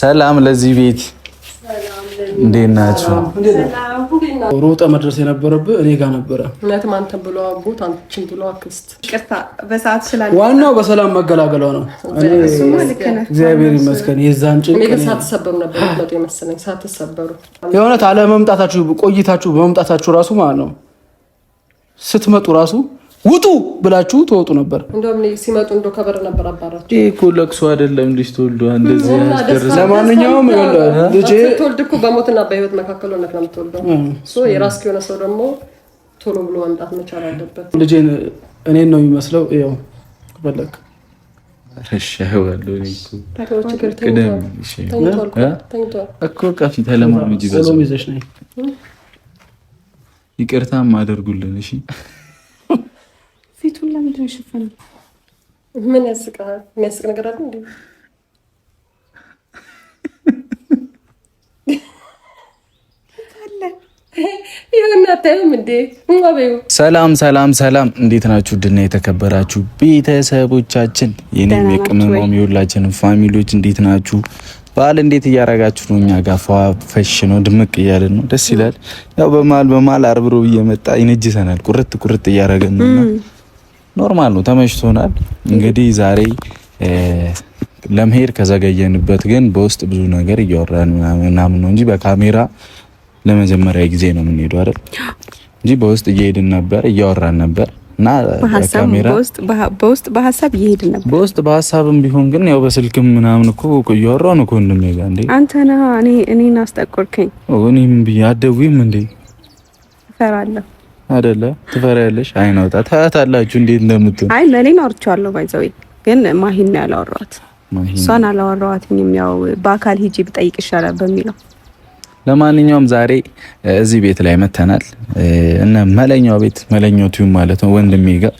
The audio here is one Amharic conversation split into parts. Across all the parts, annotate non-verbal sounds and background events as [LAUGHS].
ሰላም ለዚህ ቤት እንዴት ናችሁ? ሮጠ መድረስ የነበረብህ እኔ ጋር ነበረ። እውነትም አንተ ብሎ አጎት፣ አንቺን ብሎ አክስት። ዋናው በሰላም መገላገሏ ነው። እግዚአብሔር ይመስገን። የዛን ጭ ሳትሰበሩ ነበር የመሰለኝ ሳትሰበሩ የእውነት አለመምጣታችሁ ቆይታችሁ በመምጣታችሁ ራሱ ማለት ነው ስትመጡ ራሱ ውጡ ብላችሁ ተወጡ ነበር። ሲመጡ እንደ ነበር ለቅሶ አይደለም። ልጅ ተወልዶ እንደዚህ ያስደርስ። ለማንኛውም ልጅ እኮ በሞትና በህይወት መካከል ሆነህ ነው የምትወልደው። የሆነ ሰው ደግሞ ቶሎ ብሎ መምጣት መቻል አለበት። ልጄን እኔን ነው የሚመስለው። ያው በለክ ይቅርታ ማደርጉልን እሺ። ፊቱን ለምንድን ነው የሸፈነው? ምን ያስቅሃል? የሚያስቅ ነገር አለ እንዴ? ሰላም ሰላም ሰላም፣ እንዴት ናችሁ? ድና የተከበራችሁ ቤተሰቦቻችን የኔም የቅመማም የሁላችንም ፋሚሊዎች እንዴት ናችሁ? በዓል እንዴት እያረጋችሁ ነው? እኛ ጋር ፈሽ ነው ድምቅ እያለን ነው። ደስ ይላል። ያው በመሀል በመሀል አርብሮ እየመጣ ይነጅሰናል። ቁርጥ ቁርጥ እያረገን ነው ኖርማል ነው፣ ተመችቶናል። እንግዲህ ዛሬ ለመሄድ ከዘገየንበት ግን በውስጥ ብዙ ነገር እያወራን ምናምን ነው እንጂ በካሜራ ለመጀመሪያ ጊዜ ነው የምንሄደው አይደል? እንጂ በውስጥ እየሄድን ነበር፣ እያወራን ነበር እና በውስጥ በሀሳብም ቢሆን ግን ያው በስልክም ምናምን እኮ እያወራን እኮ ከወንድሜ ጋር። እንዴ አንተ ነህ እኔን አስጠቆርከኝ። እኔም ብዬ አትደውይም እንዴ? እፈራለሁ አይደለ ትፈሪያለሽ? አይ ነው ታያታላችሁ እንዴት እንደምትሆን። አይ ለኔም አውርቼዋለሁ። ባይዘዌ ግን ማሂን ነው ያላወራኋት። እሷን አላወራኋትም። ያው በአካል ሂጂ ብጠይቅ ይሻላል በሚለው ለማንኛውም ዛሬ እዚህ ቤት ላይ መተናል። እነ መለኛው ቤት መለኛው ቲዩብ ማለት ነው ወንድሜ ጋር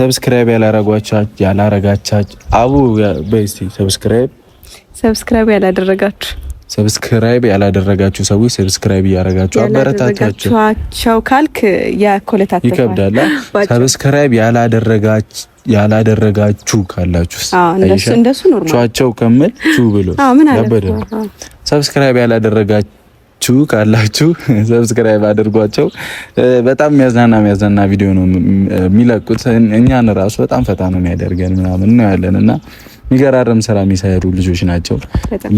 ሰብስክራይብ ያላረጋቻች ያላረጋቻች አቡ በይ ሰብስክራይብ ሰብስክራይብ ያላደረጋችሁ ሰብስክራይብ ያላደረጋችሁ ሰዎች ሰብስክራይብ እያደረጋችሁ አበረታታቸው ካልክ ያኮለታታ ይከብዳል። ሰብስክራይብ [LAUGHS] ያላደረጋችሁ ያላደረጋችሁ ካላችሁ እንደሱ እንደሱ ኖርማል ቻቸው ከምል ቹ ብሎ አዎ ምን አለ ሰብስክራይብ ያላደረጋችሁ ቹ ካላችሁ ሰብስክራይብ አድርጓቸው። በጣም የሚያዝናና የሚያዝናና ቪዲዮ ነው የሚለቁት። እኛን ራሱ በጣም ፈታ ነው የሚያደርገን ምናምን ነው እና የሚገራረም ስራ የሚሰሩ ልጆች ናቸው።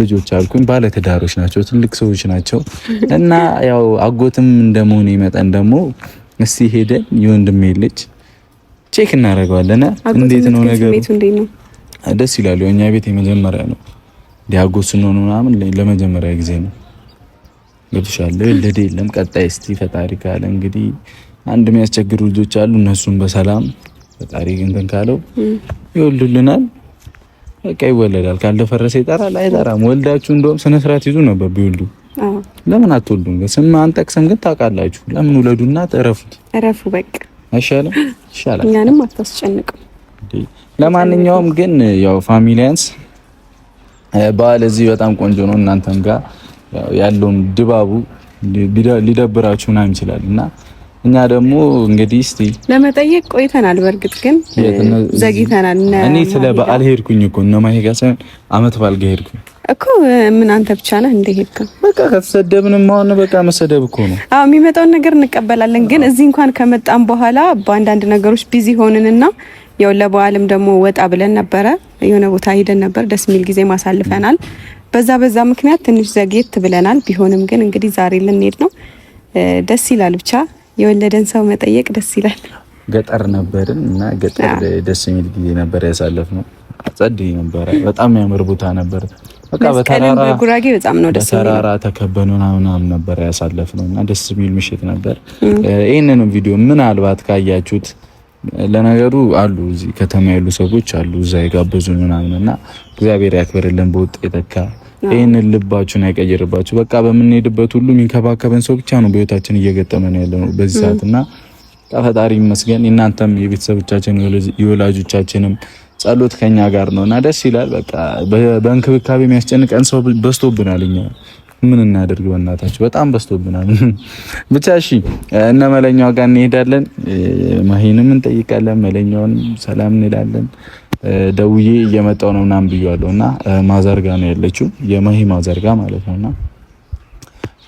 ልጆች አልኩኝ ባለትዳሮች ናቸው። ትልቅ ሰዎች ናቸው እና ያው አጎትም እንደመሆን መጠን ደግሞ እስቲ ሄደን የወንድሜ ልጅ ቼክ እናደርገዋለን። እንዴት ነው ነገሩ? ደስ ይላሉ። እኛ ቤት የመጀመሪያ ነው ዲያጎስ ነው ምናምን ለመጀመሪያ ጊዜ ነው ገብቶሻል። ልድ የለም ቀጣይ እስቲ ፈጣሪ ካለ እንግዲህ አንድ የሚያስቸግሩ ልጆች አሉ። እነሱን በሰላም ፈጣሪ እንትን ካለው ይወልድልናል። በቃ ይወለዳል። ካልደፈረሰ ይጠራል አይጠራም። ወልዳችሁ እንደውም ስነ ስርዓት ይዙ ነበር ቢወልዱ ለምን አትወልዱም? ስም አንጠቅስም፣ ግን ታውቃላችሁ። ለምን ውለዱና እረፉት። እረፉ በቃ አይሻልም? ይሻላል። እኛንም አታስጨንቅም። ለማንኛውም ግን ያው ፋሚሊያንስ በዓል እዚህ በጣም ቆንጆ ነው። እናንተም ጋር ያለውን ድባቡ ሊደብራችሁ ምናምን ይችላል እና እኛ ደግሞ እንግዲህ እስቲ ለመጠየቅ ቆይተናል። በእርግጥ ግን ዘግይተናል። እኔ ስለ በዓል ሄድኩኝ እኮ እነ ማሄ ጋር ሳይሆን አመት በዓል ጋር ሄድኩኝ እኮ። ምን አንተ ብቻ ነህ እንደ ሄድክ? በቃ ከተሰደብንም አሁን በቃ መሰደብ እኮ ነው። አዎ የሚመጣውን ነገር እንቀበላለን። ግን እዚህ እንኳን ከመጣን በኋላ በአንዳንድ ነገሮች ቢዚ ሆንንና ያው ለበዓልም ደግሞ ወጣ ብለን ነበረ፣ የሆነ ቦታ ሄደን ነበር። ደስ የሚል ጊዜ ማሳልፈናል። በዛ በዛ ምክንያት ትንሽ ዘግየት ብለናል። ቢሆንም ግን እንግዲህ ዛሬ ልንሄድ ነው። ደስ ይላል። ብቻ የወለደን ሰው መጠየቅ ደስ ይላል። ገጠር ነበርን እና ገጠር ደስ የሚል ጊዜ ነበር ያሳለፍነው። ጸድ ነበረ። በጣም የሚያምር ቦታ ነበር። በቃ በተራራ ጉራጌ በጣም ነው ደስ የሚል ተከበኑ ምናምን ነበር ያሳለፍነው እና ደስ የሚል ምሽት ነበር። ይህንንም ቪዲዮ ምናልባት ካያችሁት ለነገሩ አሉ እዚህ ከተማ ያሉ ሰዎች አሉ እዛ የጋበዙን ምናምን እና እግዚአብሔር ያክብርልን በውጤ የተካ ይህንን ልባችሁን አይቀይርባችሁ። በቃ በምንሄድበት ሁሉ የሚንከባከበን ሰው ብቻ ነው በህይወታችን ነው ያለ ነው በዚህ ሰዓት እና ፈጣሪ ይመስገን። እናንተም የቤተሰቦቻችን የወላጆቻችንም ጸሎት ከኛ ጋር ነው እና ደስ ይላል። በቃ በእንክብካቤ የሚያስጨንቀን ሰው በዝቶብናል። እኛ ምን እናደርግ በእናታችሁ በጣም በዝቶብናል። [LAUGHS] ብቻ እሺ፣ እነ መለኛው ጋር እንሄዳለን። ማሂንም እንጠይቃለን፣ መለኛውን ሰላም እንላለን። ደውዬ እየመጣው ነው ምናምን ብያለሁ እና ማዘርጋ ነው ያለችው የማሂ ማዘርጋ ማለት ነውና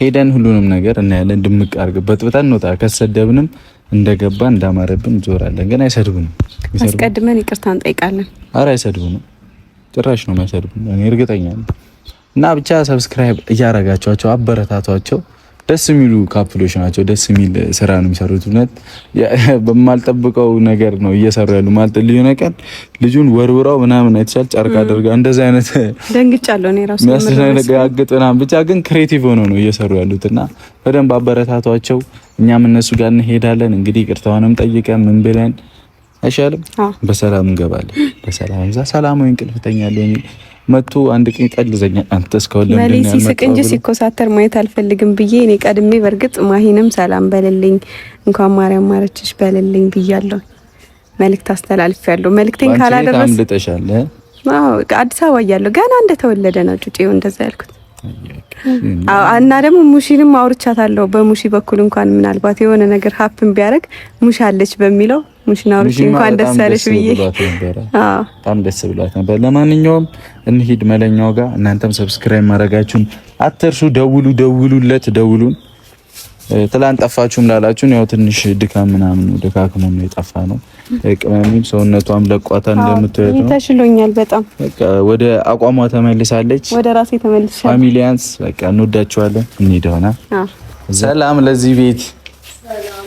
ሄደን ሁሉንም ነገር እናያለን። ድምቅ አድርገ በጥብጠን እንወጣ። ከሰደብንም እንደገባ እንዳማረብን ዞራለን። ግን አይሰድቡንም። አስቀድመን ይቅርታ እንጠይቃለን። አረ አይሰድቡንም፣ ጭራሽ ነው የማይሰድቡን። እኔ እርግጠኛ ነኝ። እና ብቻ ሰብስክራይብ እያረጋቸዋቸው አበረታቷቸው። ደስ የሚሉ ካፕሎች ናቸው። ደስ የሚል ስራ ነው የሚሰሩት። እውነት [LAUGHS] በማልጠብቀው ነገር ነው እየሰሩ ያሉ ማለት ልዩ ቀን ልጁን ወርውራው ምናምን አይተሻል። ጨርቅ አድርጋ እንደዚ አይነት ደንግጫለሁ ራሱ ብቻ ግን ክሬቲቭ ሆነው ነው እየሰሩ ያሉት እና በደንብ አበረታቷቸው። እኛም እነሱ ጋር እንሄዳለን እንግዲህ ይቅርታውንም ጠይቀን ምን ብለን አይሻልም፣ በሰላም እንገባለን። በሰላም እዛ ሰላማዊ እንቅልፍ ተኛለሁ። መቶ አንድ ቀን ይጠልዘኛል። አንተ እስካሁን ለምን ሲስቅ እንጂ ሲኮሳተር ማየት አልፈልግም ብዬ እኔ ቀድሜ በርግጥ ማሂንም ሰላም በልልኝ እንኳን ማርያም ማረችሽ በልልኝ ብያለሁ። መልእክት ያለው መልእክቴን ካላደረስ ልጠሻለ። አዎ አዲስ አበባ እያለሁ ገና እንደተወለደ ነው ጩጬው እንደዛ ያልኩት። እና ደግሞ ሙሺንም አውርቻታለሁ። በሙሺ በኩል እንኳን ምናልባት የሆነ ነገር ሀፕን ቢያደርግ ሙሽ አለች በሚለው ሙሽናሮች እንኳን ደስ ያለሽ ብዬ በጣም ደስ ብሏት ነበር። ለማንኛውም እንሂድ መለኛው ጋር። እናንተም ሰብስክራይብ ማድረጋችሁን አትርሱ። ደውሉ፣ ደውሉለት፣ ደውሉን። ትላንት ጠፋችሁም ላላችሁን ያው ትንሽ ድካም ምናምን ድካክሞ ነው የጠፋ ነው። ቅመሚም ሰውነቷም ለቋታ እንደምትወድ ነው። ተሽሎኛል በጣም በቃ ወደ አቋሟ ተመልሳለች። ወደ ራሴ ተመልሳለች። ፋሚሊያንስ በቃ እንወዳችኋለን። እንሂድ ሆና ሰላም ለዚህ ቤት ሰላም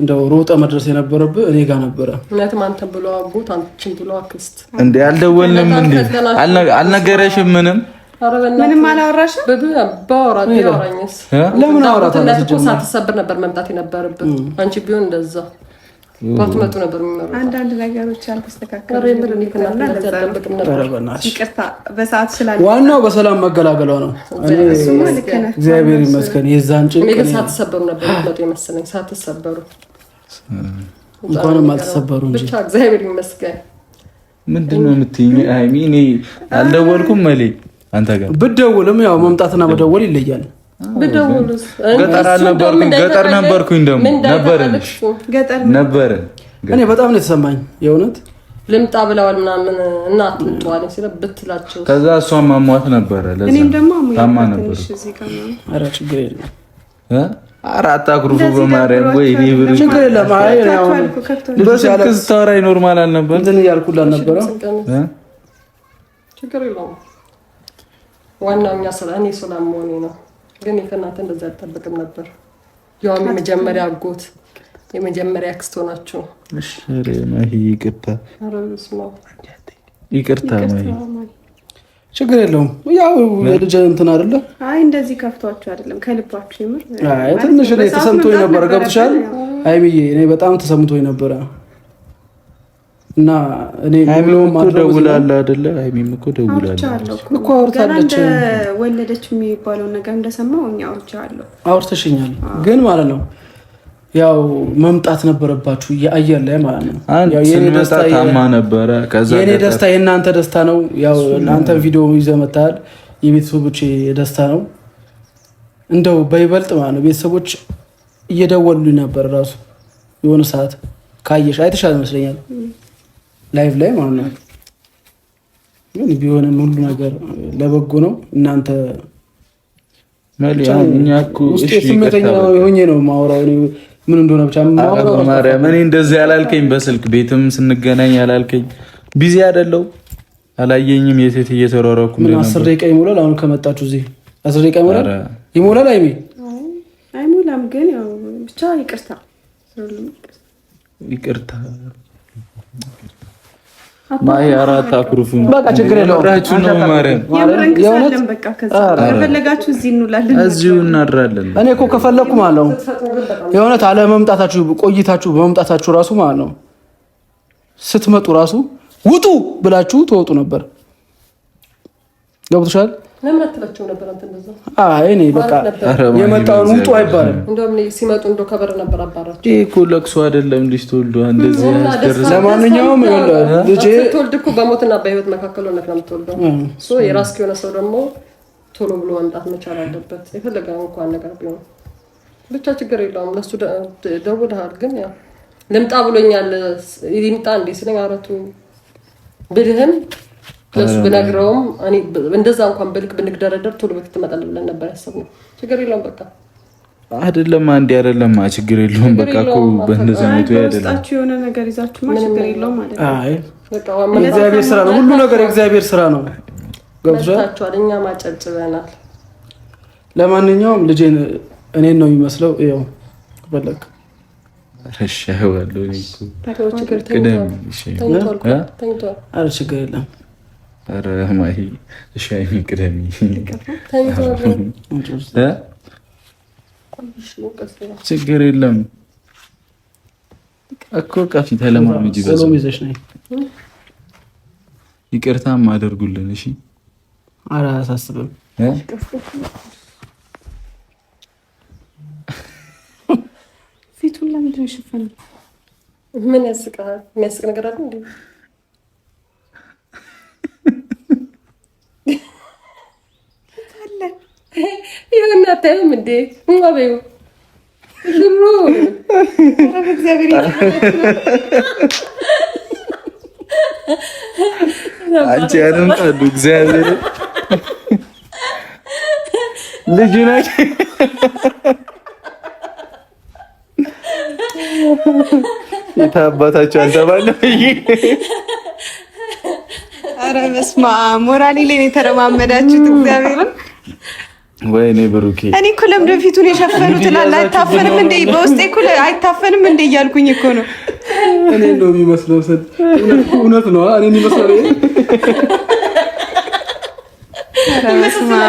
እንደው ሮጠ መድረስ የነበረብህ እኔ ጋር ነበረ። እውነትም አንተ ብሎ አጎት አንቺን ብሎ አክስት እንዴ አልደወልንም እንዴ አልነገረሽም? ምንም ምንም አላወራሽም? ብዙ ያወራኝስ ለምን አወራታለች? ሳትሰብር ነበር መምጣት የነበረብን። አንቺ ቢሆን እንደዛ ባትመጡ ነበር የሚመሩት። አንዳንድ ነገሮች አልተስተካከሉም። ዋናው በሰላም መገላገሏ ነው። እግዚአብሔር ይመስገን። የዛን ጭንቅ ሳትሰበሩ ነበር መጡ የመሰለኝ ሳትሰበሩ እንኳንም አልተሰበሩ እንጂ ብቻ እግዚአብሔር ይመስገን። ምንድን ነው የምትይኝ ሀይሚ? እኔ አልደወልኩም መሌ አንተ ጋር ብደውልም ያው መምጣትና መደወል ይለያል። ብደውልስ ገጠር ነበርኩኝ ደግሞ ነበርን ነበርን። እኔ በጣም ነው የተሰማኝ የእውነት ልምጣ ብለዋል ምናምን እና ትምጠዋል ስለ ብትላቸው ከዛ እሷ ማሟት ነበረ። ለእኔም ደግሞ ታማ ነበር። ኧረ ችግር የለም አራት አኩርፉ በማርያም ወይ እኔ ብሩ ችግር የለም። አይ አሁን በስልክ ስታወራኝ ኖርማል አልነበረ እንትን እያልኩላ ነበረ። ችግር የለውም። ዋናው እኛ ስለ እኔ ሰላም መሆኔ ነው። ግን ከእናንተ እንደዛ አልጠብቅም ነበር። ያው የመጀመሪያ አጎት የመጀመሪያ አክስቶ ናቸው። ይቅርታ ይቅርታ ችግር የለውም። ያው ልጅ እንትን አይደለ? አይ እንደዚህ ከፍቷችሁ አይደለም፣ ከልባችሁ ይምር። ትንሽ እኔ ተሰምቶኝ ነበረ። ገብቶሻል? አይ እኔ በጣም ተሰምቶኝ ነበረ እና እኔ አይሚም ደውላለ አደለ? አይሚም እኮ ደውላለ እኮ አውርታለች። ወለደች የሚባለውን ነገር እንደሰማው እኛ አውርቻለሁ፣ አውርተሽኛል ግን ማለት ነው ያው መምጣት ነበረባችሁ የአየር ላይ ማለት ነው። የእኔ ደስታ የእናንተ ደስታ ነው። ያው እናንተ ቪዲዮ ይዘህ መታል የቤተሰቦች ደስታ ነው። እንደው በይበልጥ ማለት ነው ቤተሰቦች እየደወሉ ነበር። ራሱ የሆነ ሰዓት ካየሽ አይተሻል ይመስለኛል ላይቭ ላይ ማለት ነው። ግን ቢሆንም ሁሉ ነገር ለበጎ ነው። እናንተ ስሜተኛ ሆኜ ነው የማወራው ምን እንደሆነ ብቻ ማርያም፣ እኔ እንደዚህ ያላልከኝ በስልክ ቤትም ስንገናኝ ያላልከኝ ቢዚ አይደለው አላየኝም። የሴት እየተሯሯኩ ምን አስር ደቂቃ ይሞላል። አሁን ከመጣችሁ እዚህ አስር ደቂቃ ይሞላል ይሞላል። አይሜ አይሞላም፣ ግን ያው ብቻ ይቅርታ ይቅርታ ማይ አራት አኩሩፉ በቃ ችግር የለውም። እኔ እኮ ከፈለኩ ማለት ነው የእውነት አለመምጣታችሁ ቆይታችሁ በመምጣታችሁ ራሱ ማለት ነው ስትመጡ ራሱ ውጡ ብላችሁ ትወጡ ነበር። ገብቶሻል? ለምን አትላቸው ነበር? አንተ እንደዛ እኔ በቃ የመጣውን ውጡ አይባልም። እንደውም ሲመጡ እንደው ከበር ነበር አባራቸው። ይሄ እኮ ለቅሶ አይደለም፣ ልጅ ተወልዶ እንደዚህ ያስደርስ። ለማንኛውም ልጅ እኮ በሞትና በህይወት መካከል ሆነህ ነው የምትወልደው። ሶ የራስህ የሆነ ሰው ደግሞ ቶሎ ብሎ መምጣት መቻል አለበት። የፈለገ እንኳን ነገር ቢሆን ብቻ ችግር የለውም። ለሱ ደውልሃል፣ ግን ልምጣ ብሎኛል። ይምጣ እንዴ ስለኝ አረቱ ብልህም ለሱ ብነግረውም እንደዛ እንኳን በልክ ብንግደረደር ቶሎ በፊት ትመጣለህ ብለን ነበር ያሰብነው። ችግር የለውም በቃ አይደለም እንዲ አይደለም፣ ችግር የለውም በቃ እኮ በእንደዛ አይነቱ አይደለም። የሆነ ነገር ይዛችሁማ ችግር የለውም ማለት ስራ ነው፣ ሁሉ ነገር የእግዚአብሔር ስራ ነው። ገብቷችኋል? እኛ ማጨብጭበናል። ለማንኛውም ልጄን እኔን ነው የሚመስለው። ያው በለቅ ችግር የለም ኧረ ማሂ እሺ፣ ሃይሚ ቅደሚ ችግር የለም እኮ ቀፊ ተለማመጂ። ይቅርታም ማደርጉልን። እሺ፣ ኧረ አያሳስብም። ፊቱን ለምንድን ነው የሸፈነው? ምን ያስቅ ነገር አለ? [LAUGHS] ይሁን አታይም እንዴ ሙባዩ ልሙ አንቺ ያንን ታዱ እግዚአብሔር ልጅ ነች። የታባታቸው አልተባለ በስመ አብ ሞራሌ ላይ የተረማመዳችሁት እግዚአብሔርን ወይኔ ብሩኬ፣ እኔ እኮ ለምደ ፊቱን የሸፈኑት እላለሁ። አይታፈንም እንደ በውስጤ እኮ አይታፈንም እንደ እያልኩኝ እኮ ነው። እኔ ነው የሚመስለው፣ እውነት ነው። እኔ የሚመስለው ይመስላል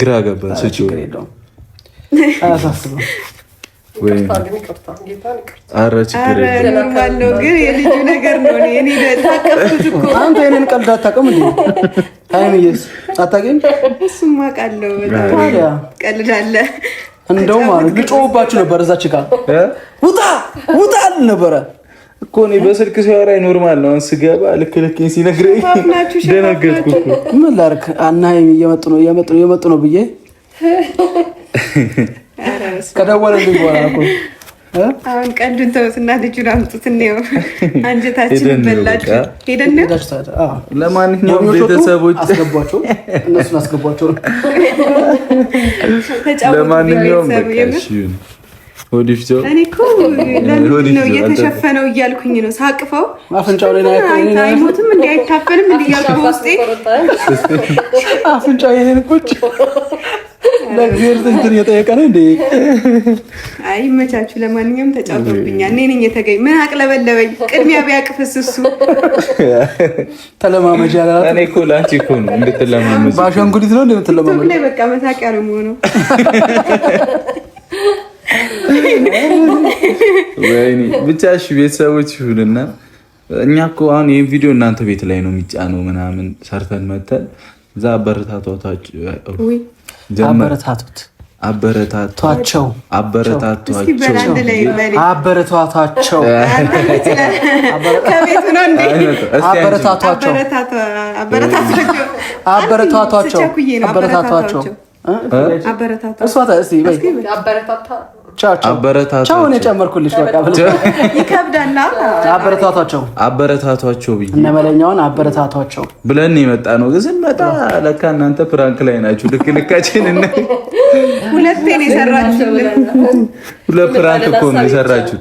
ግራ ገባን። ስጪው አያሳስብም። ኧረ ችግር ግን የልጁ ነገር ነው። እኔ ታቀፍኩት እኮ አንተ ቀልድ አታውቅም እንዴ? ታይምዬስ አታውቂም? እሱማ እንደውም ልጮህባችሁ ነበር እዛች ጋር ውጣ ውጣ አለ ነበረ እኮ እኔ በስልክ ሲያወራኝ ኖርማል ነው። ስገባ ልክ ልክ ሲነግረኝ ደነገጥኩ። ምን ላድርግ እና እየመጡ ነው እየመጡ ነው እየመጡ ነው ብዬ ከደወለልኝ በኋላ እኮ አሁን ቀንዱን ተውት እና ልጁን አምጡት እንየው። አንጀታችን በላችሁ። ሄደን ለማንኛውም ቤተሰቦች አስገቧቸው፣ እነሱን አስገቧቸው። ለማንኛውም እኔ እኮ ለምንድን ነው እየተሸፈነው እያልኩኝ ነው። ሳቅፈው አፍንጫው ላይ አይሞትም እንዲ አይታፈንም እንዲ እያልኩ በውስጤ አፍንጫው ይሄን ቁጭ ለእግዚአብሔር እንትን እየጠየቀ ነው እንዴ? አይ መቻችሁ። ለማንኛውም ተጫውቶብኛል። እኔ ነኝ የተገኝ። ምን አቅለበለበኝ? ቅድሚያ ቢያቅፍስ እሱ ተለማመጃ አላት። እኔ እኮ ለአንቺ እኮ ነው እንድትለማመጂ። በአሻንጉሊት ነው እንደምትለማመጂ ላይ በቃ መሳቂያ ነው የምሆነው። ወይኔ ብቻ እሺ፣ ቤተሰቦች ይሁንና እኛ እኮ አሁን ይህን ቪዲዮ እናንተ ቤት ላይ ነው የሚጫነው ምናምን ሰርተን መተን እዛ አበረታቷቸው አበረታቷቸው አበረታቷቸው አበረታቷቸው አበረታቷቸው አበረታታቸውን የጨመርኩልሽ አበረታቷቸው አበረታቷቸው ብዬ እነ መለኛውን አበረታቷቸው ብለን የመጣ ነው። ስንመጣ ለካ እናንተ ፕራንክ ላይ ናችሁ። ልክ ልካችን ሁለቴ ነው የሰራችሁ። ሁለት ፕራንክ እኮ ነው የሰራችሁ።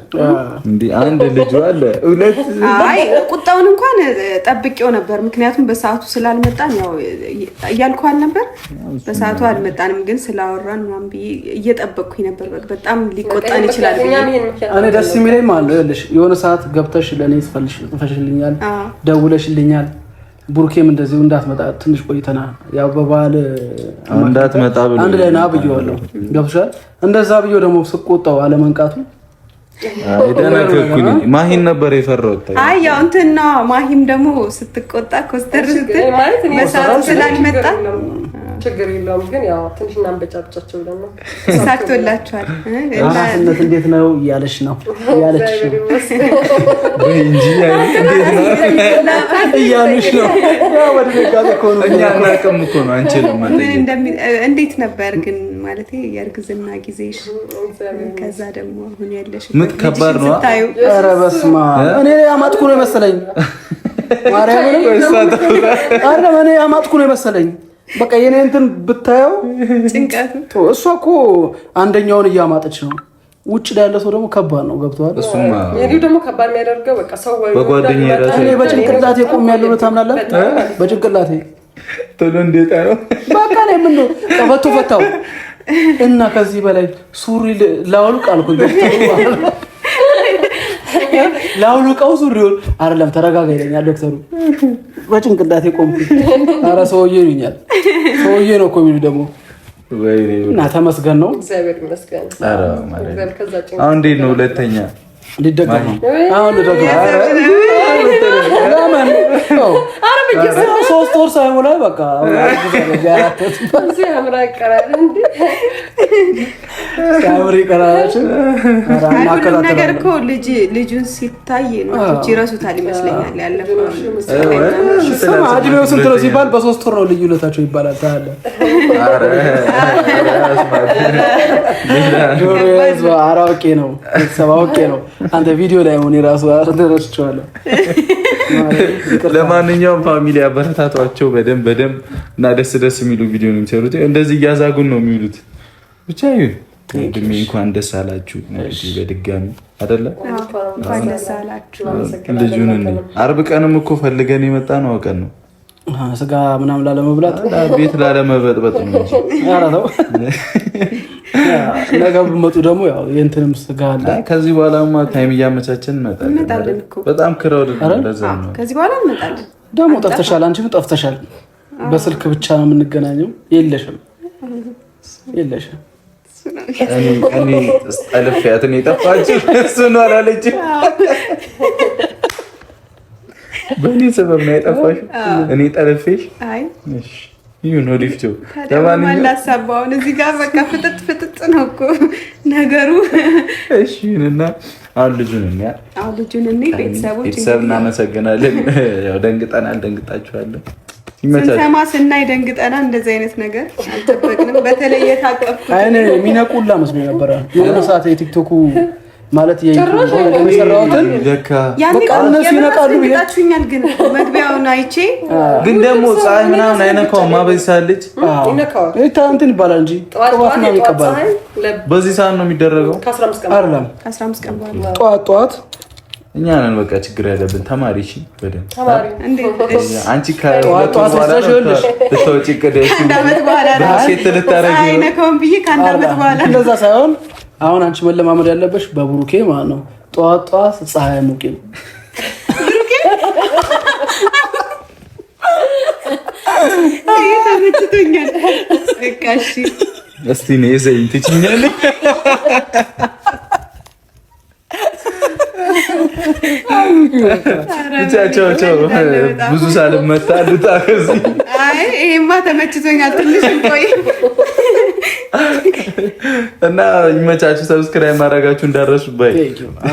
እንዲህ አንድ ልጁ አለ ሁለት። አይ ቁጣውን እንኳን ጠብቄው ነበር፣ ምክንያቱም በሰዓቱ ስላልመጣን ያው እያልኩህ ነበር። በሰዓቱ አልመጣንም፣ ግን ስላወራን ምናምን ብዬ እየጠበቅኩኝ ነበር። በጣም ሊቆጣን ይችላል። እኔ ደስ የሚለኝ ማለት ነው የሆነ ሰዓት ገብተሽ ለእኔ ጽፈሽልኛል፣ ደውለሽልኛል ቡርኬም እንደዚሁ እንዳትመጣ ትንሽ ቆይተና ያው በበዓል እንዳትመጣ ብሎ አንድ ላይ ና ብዬዋለሁ። ገብቶሻል። እንደዛ ብዬው ደግሞ ስቆጣው አለመንቃቱ ደነከኩኝ። ማሂን ነበር የፈራሁት። አይ ያው እንትና ማሂም ደግሞ ስትቆጣ ኮስተር ስትል በሰዓቱ ስላልመጣ ችግር የለውም ግን ያው ትንሽ እናንበጫብጫቸው ብለን ነው። ሳክቶላችኋል። እንዴት ነው እያለች ነው እያለች እንጂ እያሉሽ ነው። እንዴት ነበር ግን ማለት የእርግዝና ጊዜሽ ከዛ ደግሞ አሁን ያለሽ ምጥ ከባድ ነው። ኧረ በስመ አብ እኔ አማጥኩ ነው የመሰለኝ [LAUGHS] ማርያምን፣ እኔ አማጥኩ ነው የመሰለኝ በቃ የኔ እንትን ብታየው ጭንቀቱ። እሷ እኮ አንደኛውን እያማጠች ነው። ውጭ ላይ ያለ ሰው ደግሞ ከባድ ነው። ገብተዋል። ደግሞ ከባድ የሚያደርገው በቃ ሰው በጭንቅላቴ ቆም ያለው ነው። ታምናለህ? በጭንቅላቴ ቶሎ እንዴት ነው በቃ ነው የምንለው። ቀበቶ ፈታው እና ከዚህ በላይ ሱሪ ላውልቅ አልኩኝ። ለአሁኑ ቀውሱ እንዲሆን አይደለም። ተረጋጋ ይለኛል ዶክተሩ። በጭንቅላቴ ቆም ኧረ ሰውዬ ይሉኛል። ሰውዬ ነው እኮ የሚሉ ደግሞ እና ተመስገን ነው። አሁን እንዴት ነው? ሁለተኛ ሊደገም ነው። አሁን ልደግም ሶስት ወር ሳይሞላ በቃ ሲያምር ይቀራላችን። ነገር እኮ ልጁን ሲታይ ነው ይረሱታል ይመስለኛል። ያለፈው እድሜው ስንት ነው ሲባል በሶስት ወር ነው ልዩነታቸው ይባላል። ታለ አራውቄ ነው ሰባውቄ ነው አንተ ቪዲዮ ላይ ሆኔ ራሱ ረስቸዋለሁ። ለማንኛውም ፋሚሊ አበረታቷቸው በደንብ በደንብ እና ደስ ደስ የሚሉ ቪዲዮ ነው የሚሰሩት። እንደዚህ እያዛጉን ነው የሚውሉት። ብቻ ይሁን ወንድሜ እንኳን ደስ አላችሁ። በድጋሚ አይደለ ልጁን አርብ ቀንም እኮ ፈልገን የመጣ ነው አውቀን ነው ስጋ ምናምን ላለመብላት ቤት ላለመበጥበጥ ነው። ነገ ብመጡ ደግሞ የእንትንም ስጋ አለ። ከዚህ በኋላማ ታይም እያመቻችን እንመጣለን። በጣም ክረውድ ነው። ከዚህ በኋላ እንመጣለን። ደግሞ ጠፍተሻል። አንቺም ጠፍተሻል። በስልክ ብቻ ነው የምንገናኘው። የለሽም የለሽም። እኔ ጠልፌያት ነው አላለችም። በእኔ ሰበብ ነው የጠፋሽው። እኔ ጠልፌሽ ይሁን ወዲፍቶ ለማንኛውም እዚህ ጋር በቃ ፍጥጥ ፍጥጥ ነው እኮ ነገሩ። እሺ እና አሁን ልጁን የሚያል አሁን ልጁን እኔ ቤተሰቦች ቤተሰብ እናመሰግናለን። [LAUGHS] ያው ደንግጠናል፣ ደንግጣችኋለን። ስንሰማ ስናይ ደንግጠናል። እንደዚህ አይነት ነገር አልጠበቅንም። በተለይ የታቀፍኩት እኔ የሚነቁላ መስሎኝ ነበረ የሆነ ሰዓት የቲክቶኩ ማለት የሰራሁትን እነሱ ይነቃሉ። ግን መግቢያውን አይቼ ግን ደግሞ ፀሐይ ምናምን አይነካው በዚህ ልጅ እንትን ይባላል እንጂ ጠዋት ነው ይቀባል። በዚህ ሰዓት ነው የሚደረገው። አይደለም ጠዋት ጠዋት እኛ ነን በቃ ችግር ያለብን ተማሪ እሺ በደምብ አንቺ ከወጣ ልታረጊ ነው እንደዛ ሳይሆን አሁን አንቺ መለማመድ ያለበሽ በብሩኬ ማለት ነው። ጠዋት ጠዋት ፀሐይ ሙቂ ነው ተመችቶኛል። እስቲ ትችኛለሽ ብዙ ሳልም ሳልመታ ልጣ። ይሄማ ተመችቶኛል። ትንሽ ቆይ እና ይመቻችሁ። ሰብስክራይብ ማድረጋችሁ እንዳረሱ ባይ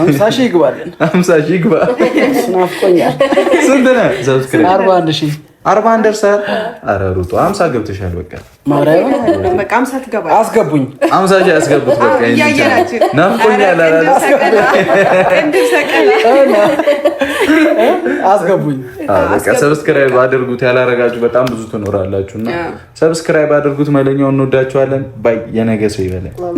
ሀምሳ ሺህ ይግባልን። ሀምሳ ሺህ ይግባ። ስንት ነህ? ሰብስክራይብ አርባ አንድ ሺህ አርባ አንድ ደርሰሃል። ኧረ ሩጡ አምሳ ገብተሻል። በቃ አስገቡኝ፣ አምሳ አስገቡት። በቃ ናፍቆኛል፣ አስገቡኝ። ሰብስክራይብ አድርጉት። ያላረጋችሁ በጣም ብዙ ትኖራላችሁ እና ሰብስክራይብ አድርጉት። መለኛውን እንወዳችኋለን። ባይ የነገ ሰው ይበላል።